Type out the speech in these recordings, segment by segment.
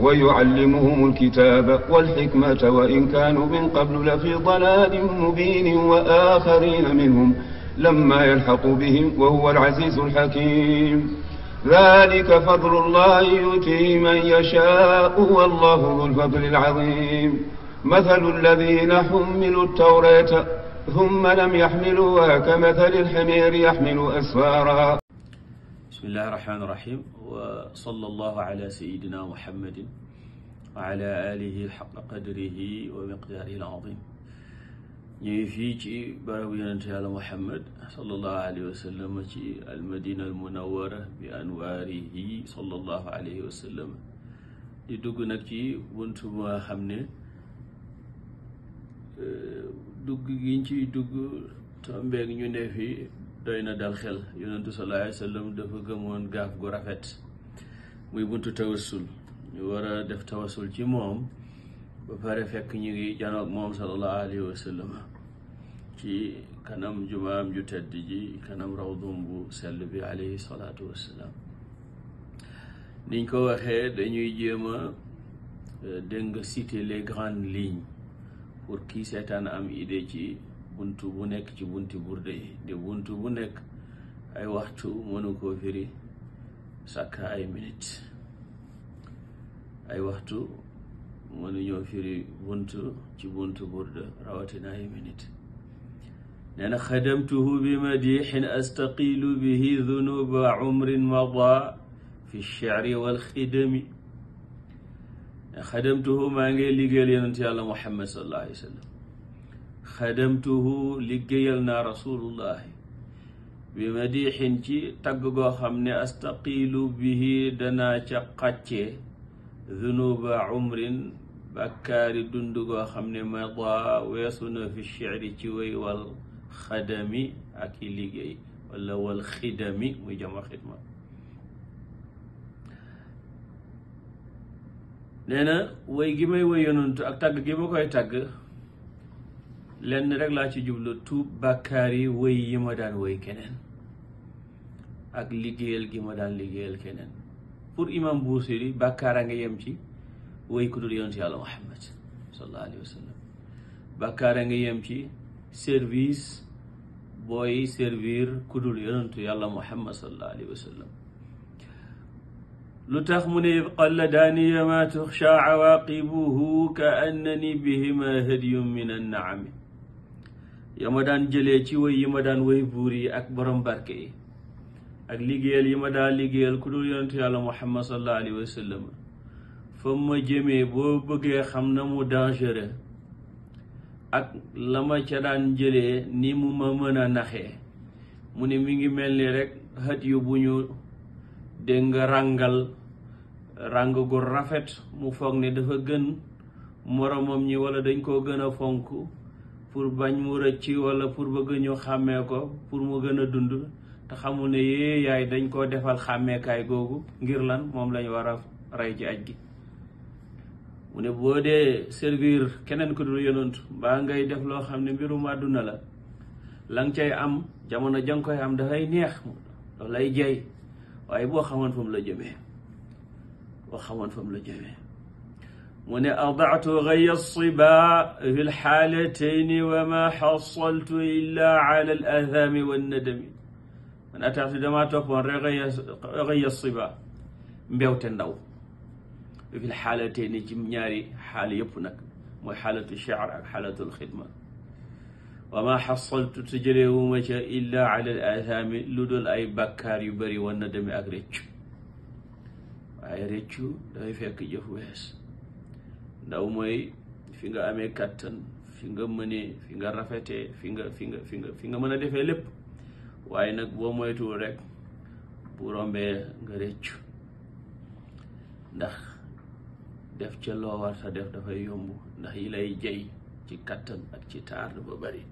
ويعلمهم الكتاب والحكمة وإن كانوا من قبل لفي ضلال مبين وآخرين منهم لما يلحق بهم وهو العزيز الحكيم ذلك فضل الله يؤتيه من يشاء والله ذو الفضل العظيم مثل الذين حملوا التوراة ثم لم يحملوها كمثل الحمير يحمل أسفارا bismillahi irrahmani irrahim wa sallallahu ala sayidina muhammadin wa ala alihi xaqa qadrihi wa miqdaarihi al-azim ñu ngi fii ci barabu yonente yàlla muhammad sallallahu alayhi wa sallam ci almadina almunawara bi anwaarihi sallallahu alayhi wa sallam di dugg nag ci buntu ma xam ne eh, dugg giñ ciy dugg tombeeg ñu ne fii doy na dal xel yonentu sallallahu alayhi wa sallam dafa gëmoon gaaf gu rafet muy buntu tawasul ñu war a def tawasul ci moom ba pare fekk ñu ngi janoog moom sallallahu alayhi wa sallam ci kanam jumaam ju tedd ji kanam rawdum bu sell bi alayhi salaatu wassalaam niñ ko waxee dañuy jéem a eh, dégg nga citer les grandes lignes pour kii seetaan am idée ci bunt bu nekk ci bunti burde yi de bunt bu nekk ay waxtu mënu koo firi sàkka ay minute ay waxtu mënu ñoo firi bunt ci bunt burde rawatina ay minute nee na xadamtuhu bi madixin astaqilu bihi dunuba umrin mada fi lcheri walxidami xadamtuhu maa ngi liggéeyal yonent yàlla muhammad sallallahu alayhi wa sallam xadamtuhu liggéeyal naa rasulullahi bi madiixin ci tagg goo xam ne astaqilu bihi danaa ca xàccee zunuba umrin bàkkaari dund goo xam ne mada weesu na fi shicri ci way wal xadami ak i liggéey wala wal xidami muy jama xidma nee na way gi may way yonantu ak tagg gi ma koy tagg lenn rek laa ci jublu tuub bàkkaar yi wëy yi ma daan wëy keneen ak liggéeyal gi ma daan liggéeyal keneen pour imam Buusiri bàkkaar a nga yem ci wëy ku dul yonent yàlla Muhammad sallallahu alayhi wa sallam bàkkaar a nga yem ci service booy servir ku dul yonentu yàlla Muhammad sallallahu alayhi wa sallam lu tax mu ne qalla daaniya ma tuxsha awaaqibuhu ka annani bihima hadyun min annaami ya ma daan jëlee ci woy yi ma daan woy buur yi ak boroom barke yi ak liggéeyal yi ma daan liggéeyal ku dul yonentu yàlla muhammad sallallahu alayhi wa sallam fa ma jëmee boo bëggee xam na mu dangereux ak la ma ca daan jëlee ni mu ma mën a naxee mu ne mi ngi mel ni rekk xët yu bu ñu dégg nga ràngal ràng gu rafet mu foog ne dafa gën moromam ñi wala dañ koo gën a fonk pour bañ mu rëcc wala pour bëgg ñu xàmmee ko pour mu gën a dund te xamul ne yee yaay dañ koo defal xàmmeekaay googu ngir lan moom lañ war a rey ci aj gi mu ne boo dee servir keneen ku du yonent mbaa ngay def loo xam ne mbirum àdduna la la nga cay am jamono ja nga koy am dafay neex loolu lay jey waaye boo xamoon fa mu la jëmee boo xamoon fa mu la jëmee mu ne adaatu gaya siba fi lxaalatayni wa ma xasaltu illa ala al adami wannadami man ataatu damaa toppoon rek gaya siba mbewte ndaw fi lxaalatayni ci ñaari xaal yëpp nag mooy xaalatu shaar ak xaalatu alxidma wa ma xasaltu te jëleewuma ca illa ala al adami lu dul ay bakkaar yu bëri wannadami ak réccu waaye réccu dafay fekk jëf wees ndaw mooy fi nga amee kàttan fi nga mënee fi nga rafete fi nga fi nga fi nga fi nga mën a defee lépp waaye nag boo moytuwul rek bu rombee nga réccu ndax def ca loo war def dafay yomb ndax yi lay jey ci kàttan ak ci taar ba bari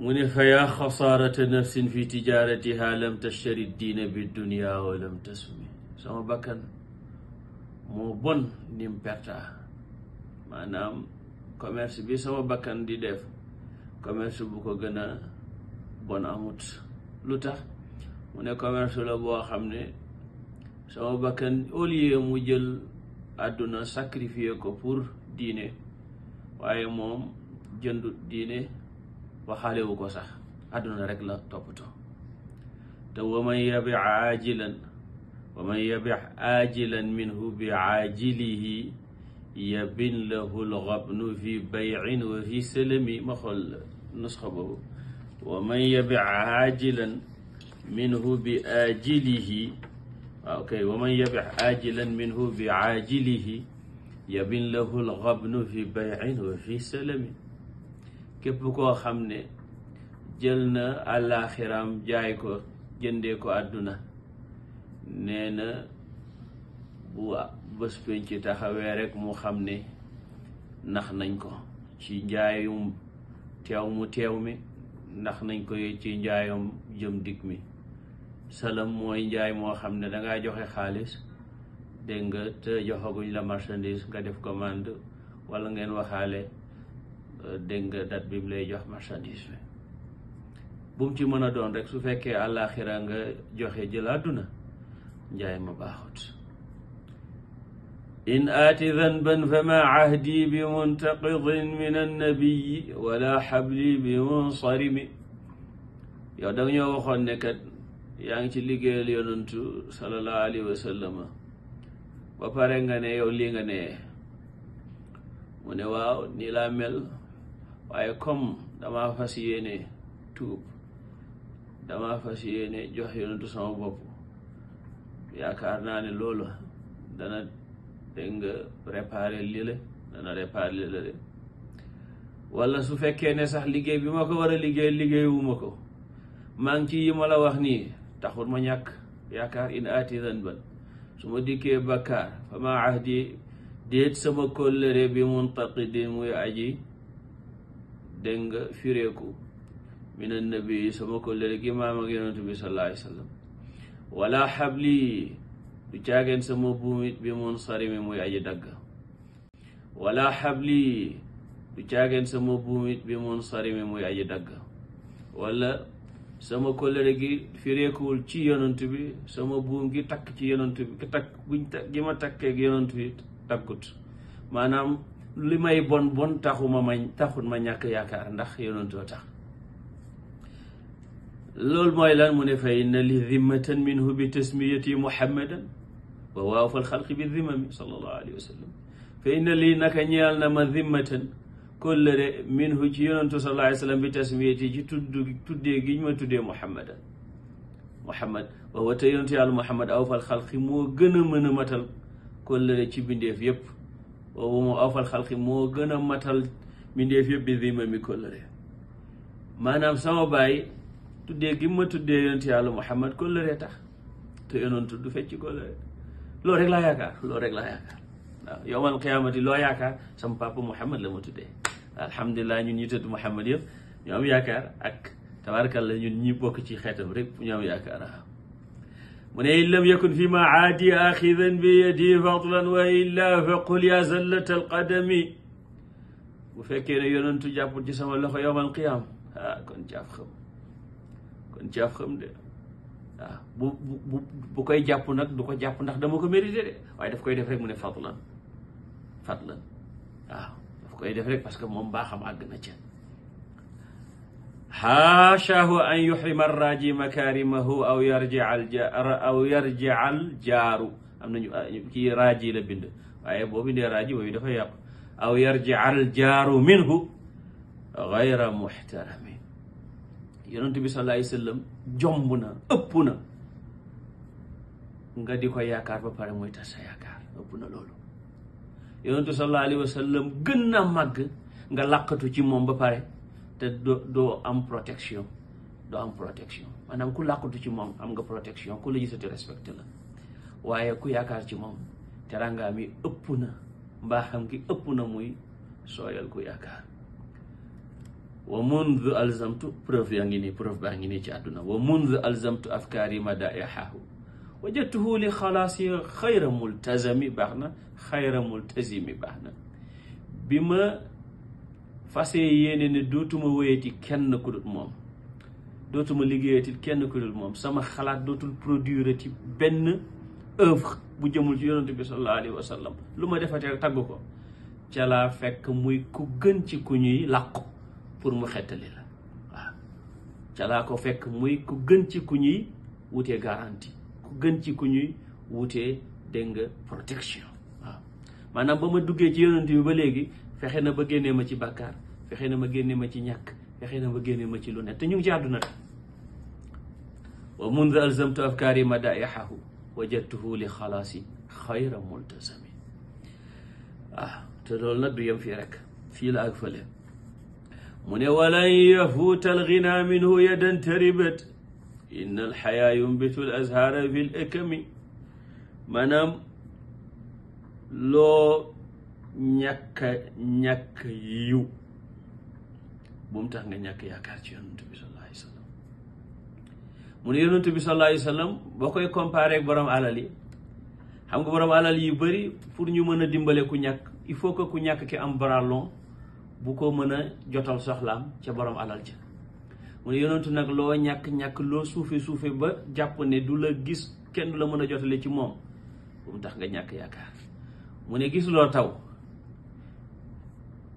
mu ne fa yaa xasaarata nafsin fi tijaratiha lam tashtari diina bi dunia wa lam sama bakkan moo bon nim perta maanaam commerce bi sama bakkan di def commerce bu ko gën a bon amut lu tax mu ne commerce la boo xam ne sama bakkan au lieu mu jël àdduna sacrifier ko pour diine waaye moom jëndut diine waxaalewu ko sax àdduna rek la toppatoo te wa man yabi aajilan wa man yabix aajilan minhu bi aajilihi yabin lahu lxabnu fi bayin wa fi selami ma xool nusxa boobu wa man yabix aajilan minhu bi aajilihi waaw kay wa man yabix aajilan minhu bi aajilihi yabin lahu lxabnu fi bayin wa fi selami képp koo xam ne jël na àllaaxiraam jaay ko jëndee ko àdduna nee na bu bés penc taxawee rek mu xam ne ndax nañ ko ci njaayum teew mu teew mi ndax nañ ko ci njaayom jëm dig mi salam mooy njaay moo xam ne danga joxe xaalis dégg nga te joxaguñ la marchandise nga def commande wala ngeen waxaale euh, dégg nga dat bi mu lay jox marchandise bi bu ci mën a doon rek su fekkee àllaaxira nga joxe jël àdduna njaay ma baaxut in aati danban fama ahdi bi muntaqidin min annabiyi wala xabli bi munsarimi yow da ñoo waxoon ne kat yaa ngi ci liggéeyal yonantu salallahu alayhi wa ba pare nga ne yow lii mu ne waaw nii laa mel comme dama fas yéene tuub dama fas yéene jox yonantu sama bopp yaakaar naa ne loolu dana dégg nga réparer lile dana réparer lile wala su fekkee ne sax liggéey bi ma ko war a liggéey liggéeyuma ko maa ci yi wax nii taxul ma ñàkk yaakaar in aati zanban su ma dikkee bakkaar fa ma ahdi déet sama kóllëre bi muntaqidi muy aji dégg nga fireeku min annabi sama kóllëre gi maam ak yonentu bi sallallahu alayhi wala xabli du caageen sama buumit bi mun sarimi muy aji dagg walla xabli du caageen sama buumit bi mun sarimi muy aji dagg walla sama kóllëre gi fireekuwul ci yonant bi sama buum gi takk ci yonant bi takk takk gi ma takkee ak yonant bi maanaam li may bon bon taxuma ma taxut ma ñàkk yaakaar ndax yonantoo tax loolu mooy lan mu ne fa inna li dimmatan minhu bi tasmiyati muhammadan wa waafa alxalqi bi dimmami sallallahu alayhi sallam fa inna lii naka ñeel na ma dimmatan kóllëre minhu ci yonantu sallallahu alayhi sallam bi tasmiyati ci tudd tuddee gi ñu ma tuddee muhammadan muhammad wa wata yonantu yàlla muhammad awfa alxalqi moo gën a mën a matal kóllëre ci bindeef yépp boobu moom awfal xalqi moo gën a matal bindeef yépp bi dimmami kóllëre maanaam sama baay tuddee gi ma tuddee yonentu yàlla Muhammad kóllëre tax te yonentu du fecc kóllëre loolu rek laa yaakaar loolu rek laa yaakaar loo yaakaar sama papa Muhammad la ma tuddee alhamdulilah ñun ñu tëdd Muhammad yëpp ñu ak tabaarakalla ñun ñi bokk ci xeetam rek ñu am yaakaar mu ne in lam yakun fi bu fekkee ne yonentu jàppul sama loxo yowmal qiyaam ah kon gën caa xam de waaw bu bu bu koy jàpp nag du ko jàpp ndax dama ko mérité de waaye daf koy def rek mu ne fadlan fadlan waaw daf koy def rek parce que moom baaxam àgg na ca xaashaahu an yuxrima arraji makaarimahu aw yarjial aw yarjial jaaru am nañu ah, kii raaji la bind waaye boobu ndee raaji boobu dafa yàqu aw yarjial jaaru minhu gayra muxtarami yonentu bi sallallahu alayhi jomb na ëpp na nga di ko yaakaar ba pare muy tas sa yaakaar ëpp na loolu yonentu sallallahu alayhi wasallam gën na màgg nga làqatu ci moom ba pare te doo doo am protection doo am protection ku làqatu ci moom am nga protection ku la gisati respecté la waaye ku yaakaar ci moom teraanga mi ëpp na mbaaxam ki ëpp na muy sooyal ku yaakaar wa mundu alzamtu preuve yaa ngi nii preuve baa ngi nii ci àdduna wa mundu alzamtu afkaari madaihahu wajatuhu li xalaasi xayra multazami baax na xayra multazimi baax na bi ma fasee yéene ne dootuma wéyati kenn ku moom kenn ku moom sama xalaat dootul produire ci benn œuvre bu jëmul ci yonante bi sallallahu alayhi lu ma defatee tagg ko ca laa fekk muy ku gën ci ku ñuy làqu pour mu xettali la waaw ca laa ko fekk muy ku gën ci ku ñuy wutee garantie ku gën ci ku ñuy wutee dégg nga protection waaw maanaam ba ma duggee ci yonent bi ba léegi fexe na ba génnee ma ci bàkkaar fexe na ma génnee ma ci ñakk fexe na ma génnee ma ci lu ne te ñu ngi ci àdduna wa mundu alzamtu afkaari madaihahu wajadtuhu li xalaasi xayra multasami ah te loolu nag du yem fii rek fii la ak fële mu ne walan yafuuta alghina minhu yadan taribat inna alxayaa yumbitu al fi ikami maanaam loo ñàkka ñàkk yiw bu mu tax nga ñàkk yaakaar ci yonent bi mu ne yonent bi boo koy comparé ak borom alal yi xam nga borom alal yi bëri pour ñu mën a dimbale ku ñàkk il faut que ku ñàkk ki am bras bu ko mën a jotal soxlaam ca borom alal ca mu ne yonentu nag loo ñàkk-ñàkk loo suufe suufe ba jàpp ne du la gis kenn du la mën a jotale ci moom bu mu tax nga ñàkk yaakaar mu ne gis gisuloo taw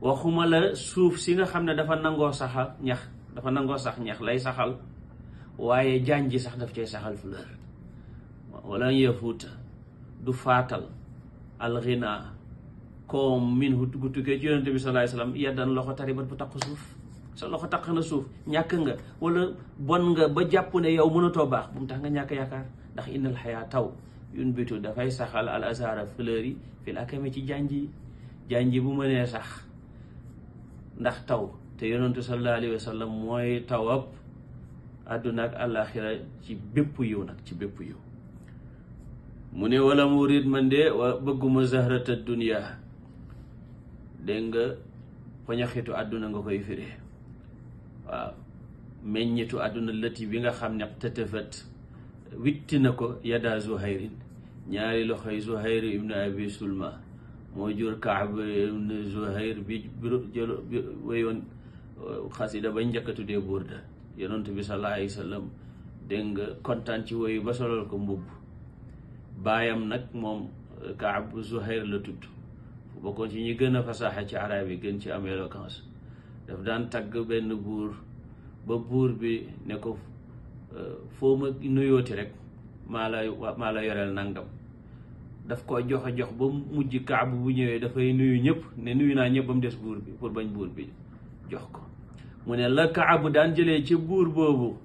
waxuma la suuf si nga xam ne dafa nangoo saxal ñax dafa nangoo sax ñax lay saxal waaye jaan ji sax daf cay saxal fleur wala yefuuta du faatal alxinaa ko minhu gu tukkee ci yonente bi sallallahu alayhi wasallam yaddan loxo taribat bu takk suuf sa loxo takk na suuf ñàkk nga walla bon nga ba jàpp ne yow mënatoo baax bu mu tax nga ñàkk yaakaar ndax innal xayaa taw yun bitu dafay saxal al azara fleur yi fi la akame ci janji janji bu mënee sax taw te yonentu sallallahu alayhi wasallam mooy tawab àdduna ci bépp yiw nag mu ne wala mu rit man de wa bëgguma zahrata dunia dégg nga poñaxitu àdduna nga koy firi waaw meññitu àdduna lëti bi nga xam ne tëtëfët witti na ko yada zuhayrin ñaari loxoy zuhayr ibnu abi sulma moo jur kaab ibnu zuhayr bi jël wéyoon uh, xasida ba njëkk a tuddee burda yonent bi sallallahu alayhi wa sallam nga kontaan ci woyu ba solal ko mbubb baayam nag moom uh, kaab zuhayr la tudd bu bokkoon ci ñi gën a fasaaxa ci arab yi gën ci am daf daan tagg benn buur ba buur bi ne ko euh, foo ma nuyooti rek maa la maa la yoreel nangam daf ko joxe jox ba mujj kaabu bu ñëwee dafay nuyu ñëpp ne nuyu naa ñëpp ba mu des buur bi pour bañ buur bi jox ko mu ne la kaabu daan jëlee ci buur boobu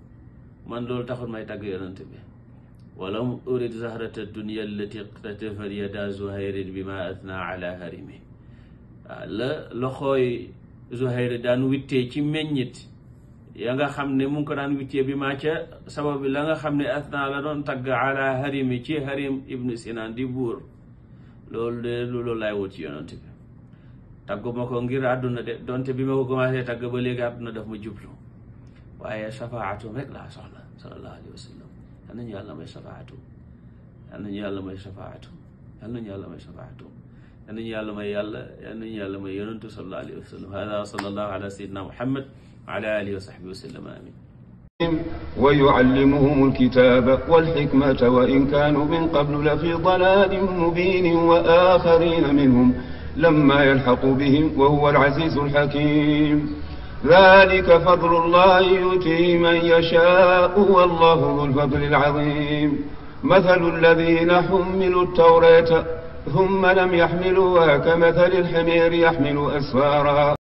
man loolu taxul may tagg yonent bi wala urid zahrata dunia allati iqtatafat yada zuhayrin bi ma athna ala harimi waaw la loxooy zuhayr ci meññit ya nga xam ne mu ngi ko daan wittee bi maa ca sababi la nga xam ne athna la doon tagg ala harimi ci harim ibnu sinan di buur loolu de loolu laay wut ci yonent bi tagguma ko ngir àdduna de donte bi ma ko commencé tagg ba léegi àdduna daf ma jublu waaye shafaatu rek laa soxla sallallahu alayhi wa yal nañu yàlla may safaatu yal nañu yàlla may safaatu yal nañu yàlla may safaatu yal nañu yàlla may yàlla yal nañu yàlla may yonentu sallallahu alayhi wa sallam hada wa sallallahu ala sayyidina muhammad wa ala alihi wa sahbihi wa sallam amin ويعلمهم الكتاب والحكمة وإن كانوا من قبل لفي ضلال مبين وآخرين منهم لما يلحقوا بهم وهو العزيز الحكيم ذلك فضل الله يؤتيه من يشاء والله ذو الفضل العظيم مثل الذين حملوا التوراة ثم لم يحملوها كمثل الحمير يحمل أسفارا